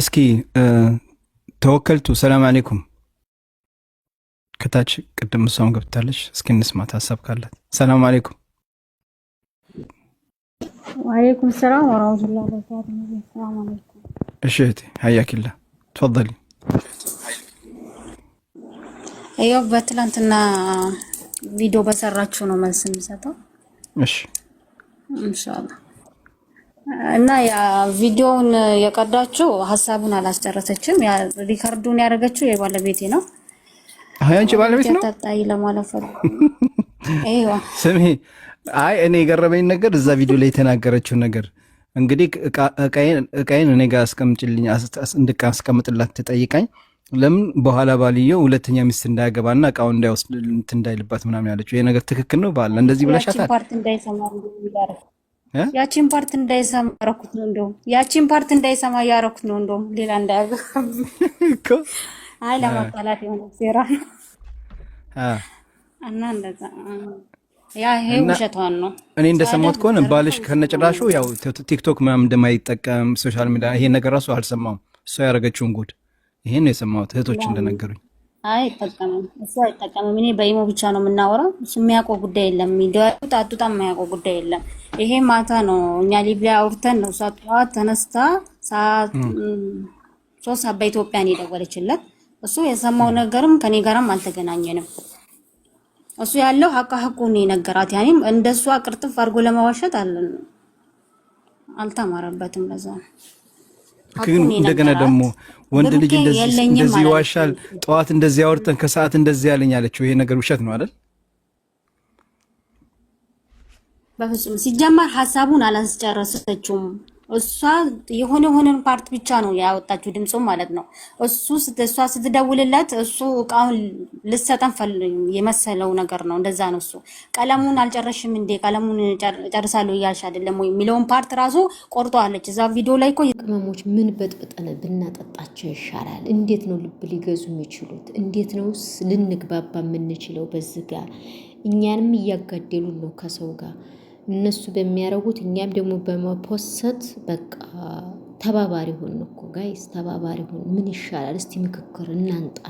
እስኪ ተወከልቱ ሰላም አሌይኩም ከታች ቅድም እሷም ገብታለች። እስኪ እንስማት ሀሳብ ካላት። ሰላም አሌይኩም። ወአሌይኩም ሰላም ወራህመቱላሂ ወበረካቱ። እሺ ሀያኪላ ትፈሊ። ያው በትላንትና ቪዲዮ በሰራችሁ ነው መልስ የሚሰጠው። እሺ ኢንሻአላህ እና ያ ቪዲዮውን የቀዳችው ሀሳቡን አላስጨረሰችም። ያ ሪከርዱን ያደረገችው የባለቤቴ ነው። አንቺ ባለቤት ነው ታጣይ ለማለፈ ስሜ አይ እኔ የገረመኝ ነገር እዛ ቪዲዮ ላይ የተናገረችው ነገር እንግዲህ እቃዬን እኔ ጋር አስቀምጭልኝ እንድቃ አስቀምጥላት ተጠይቃኝ ለምን በኋላ ባልየው ሁለተኛ ሚስት እንዳያገባና እቃውን እንዳይወስድ እንዳይልባት ምናምን ያለችው ይሄ ነገር ትክክል ነው? ባል እንደዚህ ብለሻታል። ያቺን ፓርት እንዳይሰማ ያረኩት ነው። እንደውም ያቺን ፓርት እንዳይሰማ ያረኩት ነው። እንደውም ሌላ እንዳያገ አይ ለማጣላት የሆነ ሴራ ነው እና እንደዛ ያ ይሄ ውሸቷን ነው። እኔ እንደሰማሁት ከሆነ ባልሽ ከነጭራሹ ያው ቲክቶክ ምናምን እንደማይጠቀም ሶሻል ሚዲያ ይሄን ነገር ራሱ አልሰማውም። እሷ ያደረገችውን ጉድ ይሄን ነው የሰማሁት እህቶች እንደነገሩኝ አይጠቀምም እሱ አይጠቀምም። እኔ በኢሞ ብቻ ነው የምናወራው። እሱ የሚያውቀው ጉዳይ የለም። ሚዲያቱ ጣጡጣ የማያውቀው ጉዳይ የለም። ይሄ ማታ ነው እኛ ሊቢያ አውርተን ነው። እሷ ጠዋት ተነስታ ሶስት ሰዓት በኢትዮጵያ ነው የደወለችለት። እሱ የሰማው ነገርም ከኔ ጋርም አልተገናኘንም። እሱ ያለው ሀቃ ሀቁን ነገራት። ያኔም እንደሷ ቅርጥፍ አድርጎ ለማዋሸት አልተማረበትም። በዛ ግን እንደገና ደግሞ ወንድ ልጅ እንደዚህ ይዋሻል። ጠዋት እንደዚህ አወርተን ከሰዓት እንደዚህ ያለኝ አለችው። ይሄ ነገር ውሸት ነው አይደል? በፍጹም ሲጀመር ሀሳቡን አላስጨረሰችውም። እሷ የሆነ የሆነን ፓርት ብቻ ነው ያወጣችው ድምፁ ማለት ነው። እሱ እሷ ስትደውልለት እሱ እቃውን ልሰጠን የመሰለው ነገር ነው። እንደዛ ነው። እሱ ቀለሙን አልጨረሽም እንዴ ቀለሙን ጨርሳለሁ እያልሽ አይደለም ወይ የሚለውን ፓርት ራሱ ቆርጠዋለች። እዛ ቪዲዮ ላይ እኮ ቅመሞች ምን በጥብጠን ብናጠጣቸው ይሻላል? እንዴት ነው ልብ ሊገዙ የሚችሉት? እንዴት ነው ልንግባባ የምንችለው? በዚህ ጋር እኛንም እያጋደሉን ነው ከሰው ጋር እነሱ በሚያረጉት እኛም ደግሞ በመፖሰት በቃ ተባባሪ ሆን እኮ ጋይስ ተባባሪ ሆን ምን ይሻላል? እስቲ ምክክር እናንጣ።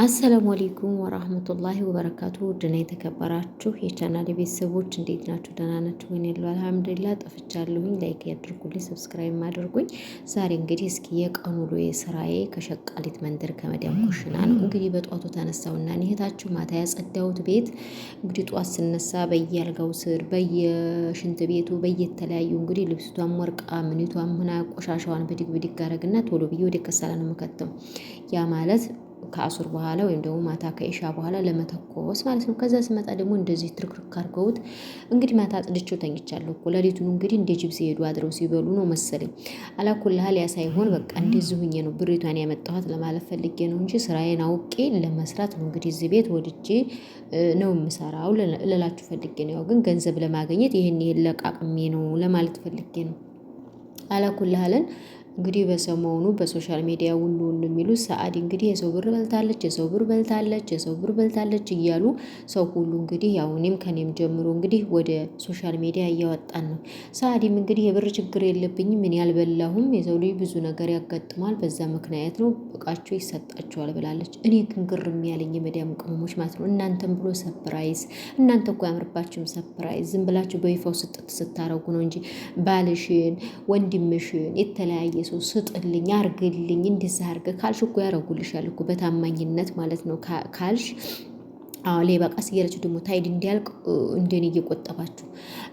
አሰላሙ አሌይኩም ወራህመቱላሂ ወበረካቱ። ውድና የተከበራችሁ የቻናል ቤተሰቦች እንዴት ናችሁ? ደህና ናችሁ? ወይን ያለው አልሐምዱሊላ። ጠፍቻለሁኝ። ላይክ ያድርጉልኝ፣ ሰብስክራይብ አድርጉኝ። ዛሬ እንግዲህ እስኪ የቀኑ ውሎ የስራዬ ከሸቃሊት መንደር ከመዲያም ኩሽና ነው። እንግዲህ በጧቱ ተነሳውና ኒህታችሁ ማታ ያጸዳሁት ቤት እንግዲህ ጠዋት ስነሳ በየአልጋው ስር በየሽንት ቤቱ በየተለያዩ እንግዲህ ልብስቷን ወርቃ ምኒቷን ምና ቆሻሻዋን ብድግ ብድግ አረግና ቶሎ ብዬ ወደ ከሰላ ነው የምከተው ያ ማለት ከአሱር በኋላ ወይም ደግሞ ማታ ከኢሻ በኋላ ለመተኮስ ማለት ነው። ከዛ ስመጣ ደግሞ እንደዚህ ትርክርክ አድርገውት እንግዲህ ማታ አጽድቼው ተኝቻለሁ እኮ ሌሊቱን እንግዲህ እንደ ጅብ ሲሄዱ አድረው ሲበሉ ነው መሰለኝ። አላኩልሃል ያ ሳይሆን በቃ እንደዚህ ሁኜ ነው ብሬቷን ያመጣኋት ለማለት ፈልጌ ነው እንጂ ስራዬን አውቄ ለመስራት ነው እንግዲህ እዚህ ቤት ወድጄ ነው የምሰራው ልላችሁ ፈልጌ ነው። ያው ግን ገንዘብ ለማግኘት ይህን ይህን ለቃቅሜ ነው ለማለት ፈልጌ ነው። አላኩልሃለን እንግዲህ በሰሞኑ በሶሻል ሚዲያ ውሉ ውሉ የሚሉት ሰአድ እንግዲህ የሰው ብር በልታለች፣ የሰው ብር በልታለች፣ የሰው ብር በልታለች እያሉ ሰው ሁሉ እንግዲህ ያው እኔም ከኔም ጀምሮ እንግዲህ ወደ ሶሻል ሚዲያ እያወጣን ነው። ሰአድም እንግዲህ የብር ችግር የለብኝም እኔ ያልበላሁም የሰው ልጅ ብዙ ነገር ያጋጥማል፣ በዛ ምክንያት ነው እቃቸው ይሰጣቸዋል ብላለች። እኔ ክንግር የሚያለኝ የመዲያም የመዳም ቅመሞች ማለት ነው እናንተም ብሎ ሰፕራይዝ እናንተ እኮ ያምርባችሁም ሰፕራይዝ ዝም ብላችሁ በይፋው ስጥት ስታረጉ ነው እንጂ ባልሽን፣ ወንድምሽን የተለያየ ሰው ስጥልኝ አርግልኝ እንደዛ አርገ ካልሽ እኮ ያረጉልሻል እኮ በታማኝነት ማለት ነው ካልሽ ሌባ ቀስ እያለች ደግሞ ታይድ እንዲያልቅ እንደኔ እየቆጠባችሁ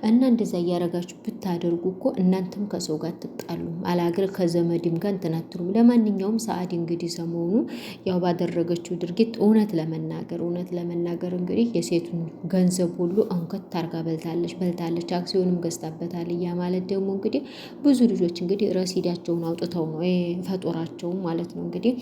እና እንደዛ እያረጋችሁ ብታደርጉ እኮ እናንተም ከሰው ጋር አትጣሉም፣ አላገር ከዘመድም ጋር እንትን ለማንኛውም ሰአድ እንግዲህ ሰሞኑ ያው ባደረገችው ድርጊት እውነት ለመናገር እውነት ለመናገር እንግዲህ የሴቱን ገንዘብ ሁሉ አንከት ታርጋ በልታለች በልታለች፣ አክሲዮንም ገዝታበታል። እያ ማለት ደግሞ እንግዲህ ብዙ ልጆች እንግዲህ ረሲዳቸውን አውጥተው ነው ፈጦራቸውም ማለት ነው እንግዲህ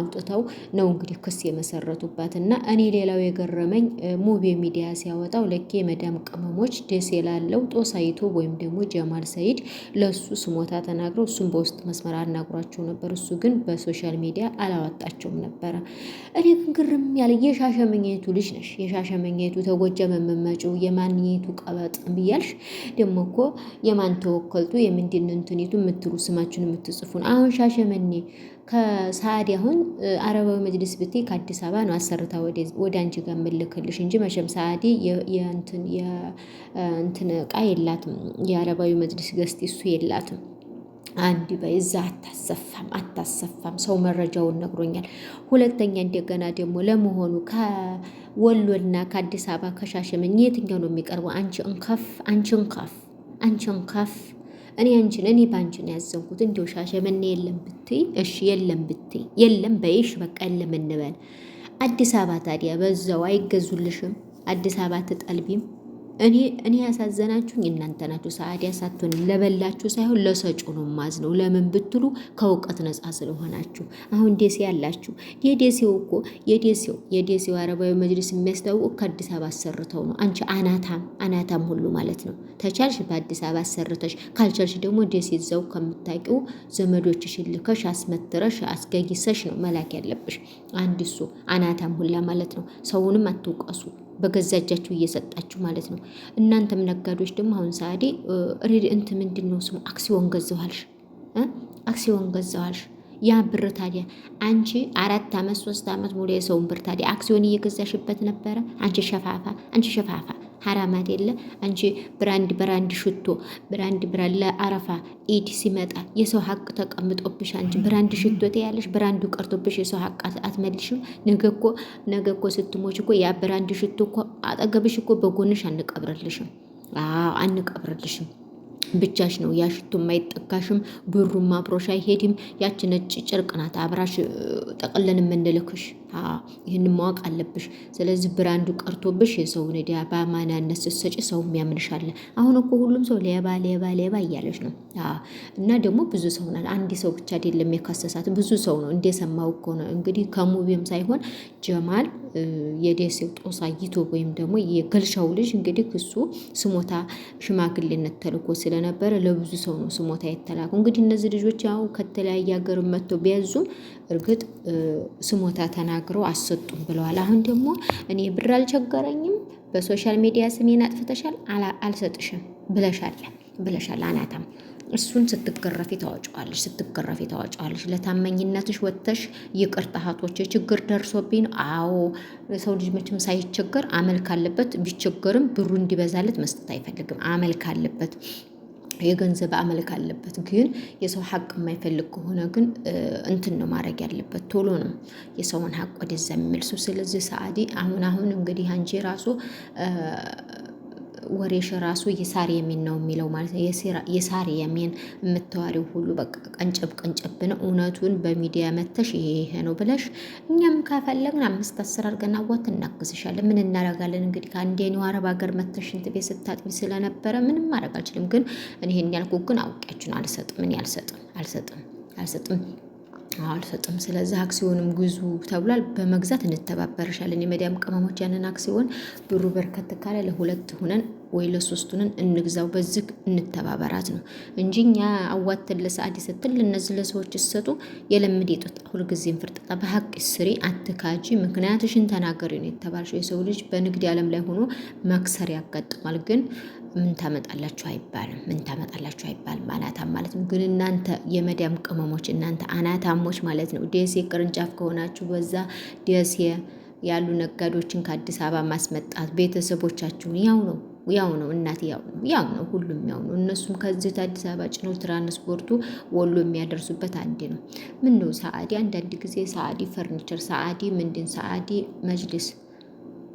አውጥተው ነው እንግዲህ ክስ የመሰረቱባት እና እኔ ሌላው የገረ የገረመኝ ሙቪ ሚዲያ ሲያወጣው ለኬ መዳም ቅመሞች ደስ ላለው ጦሳይቶ ወይም ደግሞ ጀማል ሰይድ ለእሱ ስሞታ ተናግረው እሱም በውስጥ መስመር አናግሯቸው ነበር። እሱ ግን በሶሻል ሚዲያ አላወጣቸውም ነበረ። እኔ ግን ግርም ያለ የሻሸመኘቱ ልጅ ነሽ፣ የሻሸመኘቱ ተጎጃም የምመጪው የማንኘቱ ቀበጥ ብያልሽ ደግሞ እኮ የማን ተወከልቱ የምንድን እንትኒቱ የምትሉ ስማችን የምትጽፉን አሁን ሻሸመኔ ከሳዲ አሁን አረባዊ መጅልስ ብቴ ከአዲስ አበባ ነው አሰርታ ወደ አንቺ ጋር ልልክልሽ እንጂ መቼም ሰአዲ የእንትን የእንትን እቃ የላትም የአረባዊ መጅሊስ ገዝቲ እሱ የላትም። አንድ በይ እዛ አታሰፋም አታሰፋም። ሰው መረጃውን ነግሮኛል። ሁለተኛ እንደገና ደግሞ ለመሆኑ ከወሎና ከአዲስ አበባ ከሻሸመኔ የትኛው ነው የሚቀርበው? አንቺ እንከፍ አንቺ እንከፍ አንቺ እንከፍ እኔ አንቺን እኔ በአንቺ ነው ያዘንኩት። እንዲያው ሻሸመኔ የለም ብትይ እሺ፣ የለም ብትይ የለም በይሽ፣ በቃ የለም እንበል አዲስ አበባ ታዲያ በዛው አይገዙልሽም? አዲስ አበባ ትጠልቢም እኔ እኔ ያሳዘናችሁኝ እናንተ ናችሁ። ሰዓዲያ ሳትሆን ለበላችሁ ሳይሆን ለሰጩ ነው ማዝ ነው። ለምን ብትሉ ከእውቀት ነፃ ስለሆናችሁ። አሁን ደሴ ያላችሁ የደሴው እኮ የደሴው የደሴው አረባዊ መጅሊስ የሚያስታውቁ ከአዲስ አበባ አሰርተው ነው። አንቺ አናታም አናታም ሁሉ ማለት ነው። ተቻልሽ በአዲስ አበባ አሰርተሽ፣ ካልቻልሽ ደግሞ ደሴ ዘው ከምታውቂው ዘመዶችሽ ልከሽ አስመትረሽ አስገጊሰሽ ነው መላክ ያለብሽ። አንድ እሱ አናታም ሁላ ማለት ነው። ሰውንም አትውቀሱ። በገዛ እጃችሁ እየሰጣችሁ ማለት ነው። እናንተም ነጋዴዎች ደግሞ አሁን ሰዓዴ ሬድ እንት ምንድን ነው ስሙ አክሲዮን ገዛዋልሽ፣ አክሲዮን ገዛዋልሽ። ያ ብር ታዲያ አንቺ አራት አመት ሶስት አመት ሙሉ የሰውን ብር ታዲያ አክሲዮን እየገዛሽበት ነበረ። አንቺ ሸፋፋ፣ አንቺ ሸፋፋ ሀራም አይደለ? አንቺ ብራንድ ብራንድ ሽቶ ብራንድ ብራንድ ለአረፋ ኢድ ሲመጣ የሰው ሀቅ ተቀምጦብሽ አንቺ ብራንድ ሽቶ ያለሽ ብራንዱ ቀርቶብሽ የሰው ሀቅ አትመልሽም። ነገ እኮ ነገ እኮ ስትሞች እኮ ያ ብራንድ ሽቶ እኮ አጠገብሽ እኮ በጎንሽ አንቀብርልሽም አንቀብርልሽም አንቀብረልሽም። ብቻሽ ነው ያ ሽቶ የማይጠጋሽም፣ ብሩም አብሮሽ አይሄድም። ያች ነጭ ጨርቅ ናት አብራሽ ጠቅለን የምንልክሽ። ይህን ማወቅ አለብሽ። ስለዚህ ብራንዱ ቀርቶብሽ የሰው ዕዳ በማናነት ስትሰጪ ሰው የሚያምንሻለ። አሁን እኮ ሁሉም ሰው ሌባ ሌባ ሌባ እያለች ነው። እና ደግሞ ብዙ ሰው ናት፣ አንድ ሰው ብቻ አይደለም የከሰሳት፣ ብዙ ሰው ነው። እንደሰማው እኮ ነው እንግዲህ ከሙቢም ሳይሆን ጀማል የደሴው ጦሳ ይቶ ወይም ደግሞ የገልሻው ልጅ እንግዲህ ክሱ ስሞታ ሽማግሌነት ተልኮ ስለነበረ ለብዙ ሰው ነው ስሞታ የተላኩ። እንግዲህ እነዚህ ልጆች ያው ከተለያየ ሀገር መጥተው ቢያዙም እርግጥ ስሞታ ተናግ ተናግረው አሰጡም ብለዋል። አሁን ደግሞ እኔ ብር አልቸገረኝም፣ በሶሻል ሚዲያ ስሜን አጥፍተሻል፣ አልሰጥሽም ብለሻለ ብለሻል አናታም እሱን ስትገረፊ ታወጫዋለሽ፣ ስትገረፊ ታወጫዋለሽ። ለታመኝነትሽ ወጥተሽ ይቅር ጣሃቶች ችግር ደርሶብኝ ነው። አዎ ሰው ልጅ መቼም ሳይቸገር አመል ካለበት ቢቸገርም ብሩ እንዲበዛለት መስጠት አይፈልግም። አመል ካለበት የገንዘብ አመልክ አለበት። ግን የሰው ሀቅ የማይፈልግ ከሆነ ግን እንትን ነው ማድረግ ያለበት ቶሎ ነው የሰውን ሀቅ ወደዛ የሚመልሱ። ስለዚህ ሰአዲ አሁን አሁን እንግዲህ አንቺ ራሱ ወሬሽ ራሱ የሳር የሚን ነው የሚለው ማለት ነው። የሳር የሚን የምታወሪው ሁሉ በቃ ቀንጭብ ቀንጨብ ነው። እውነቱን በሚዲያ መተሽ ይሄ ነው ብለሽ እኛም ከፈለግን አምስት አስር አድርገን አዋት እናግዝሻለን። ምን እናደርጋለን እንግዲህ ከአንዴ ነው አረብ ሀገር መተሽ እንትን ቤት ስታጥቢ ስለነበረ ምንም ማድረግ አልችልም። ግን እኔ ይሄን ያልኩ ግን አውቂያችን አልሰጥም እኔ አልሰጥም አልሰጥም አልሰጥም አልሰጥም። ስለዚህ አክሲዮንም ግዙ ተብሏል። በመግዛት እንተባበርሻለን። የመዲያም ቅመሞች ያንን አክሲዮን ብሩ በርከት ካለ ለሁለት ሁነን ወይ ለሶስት ሁነን እንግዛው። በዚህ እንተባበራት ነው እንጂ እኛ አዋተን ለሰዓድ ይሰጥል እነዚህ ለሰዎች ይሰጡ የለምድ የጡት ሁልጊዜም ፍርጥጣ በሀቅ ስሪ አትካጂ። ምክንያትሽን ተናገሪ ነው የተባልሽው። የሰው ልጅ በንግድ ዓለም ላይ ሆኖ መክሰር ያጋጥማል ግን ምን ታመጣላችሁ አይባልም። ምን ታመጣላችሁ አይባልም። አናታም ማለት ነው። ግን እናንተ የመዳም ቅመሞች እናንተ አናታሞች ማለት ነው። ደሴ ቅርንጫፍ ከሆናችሁ በዛ ደሴ ያሉ ነጋዴዎችን ከአዲስ አበባ ማስመጣት ቤተሰቦቻችሁን ያው ነው ያው ነው እናት ያው ነው ያው ነው ሁሉም ያው ነው። እነሱም ከዚህ አዲስ አበባ ጭነው ትራንስፖርቱ ወሎ የሚያደርሱበት አንድ ነው። ምን ነው ሰአዲ አንዳንድ ጊዜ ሰአዲ ፈርኒቸር፣ ሰአዲ ምንድን፣ ሰአዲ መጅልስ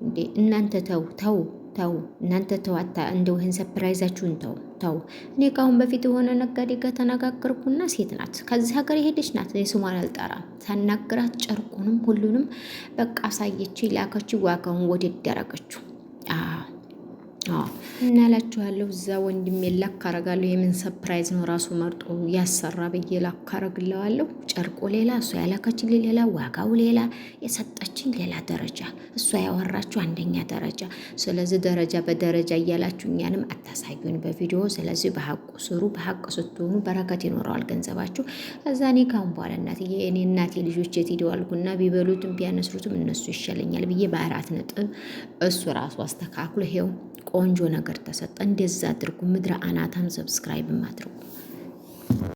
እንዴ! እናንተ ተው ተው። ተው እናንተ ተዋታ እንደው ይህን ሰፕራይዛችሁን ተው ተው። እኔ ከአሁን በፊት የሆነ ነጋዴ ጋር ተነጋገርኩና ሴት ናት ከዚህ ሀገር የሄደች ናት። የሱማን አልጠራ ሳናግራት ጨርቁንም ሁሉንም በቃ አሳየች ላከች። ዋጋውን ወደ ያረገችው እና እላችኋለሁ እዛ ወንድሜ ላክ አረጋለሁ። የምን ሰፕራይዝ ነው ራሱ መርጦ ያሰራ ብዬ ላክ አረግለዋለሁ። ጨርቆ ሌላ፣ እሷ ያላከችልኝ ሌላ፣ ዋጋው ሌላ፣ የሰጠችኝ ሌላ ደረጃ፣ እሷ ያወራችሁ አንደኛ ደረጃ። ስለዚህ ደረጃ በደረጃ እያላችሁ እኛንም አታሳዩን በቪዲዮ። ስለዚህ በሀቁ ስሩ። በሀቅ ስትሆኑ በረከት ይኖረዋል ገንዘባችሁ። እዛ እኔ ካሁን በኋላ እናትዬ እኔ እናቴ ልጆች የት ሄደው ቢበሉትም ቢያነስሩትም እነሱ ይሻለኛል ብዬ በአራት ነጥብ እሱ ራሱ አስተካክሎ ይሄው ቆንጆ ነገር ተሰጠ። እንደዛ አድርጉ። ምድረ አናታም ሰብስክራይብም አድርጉ።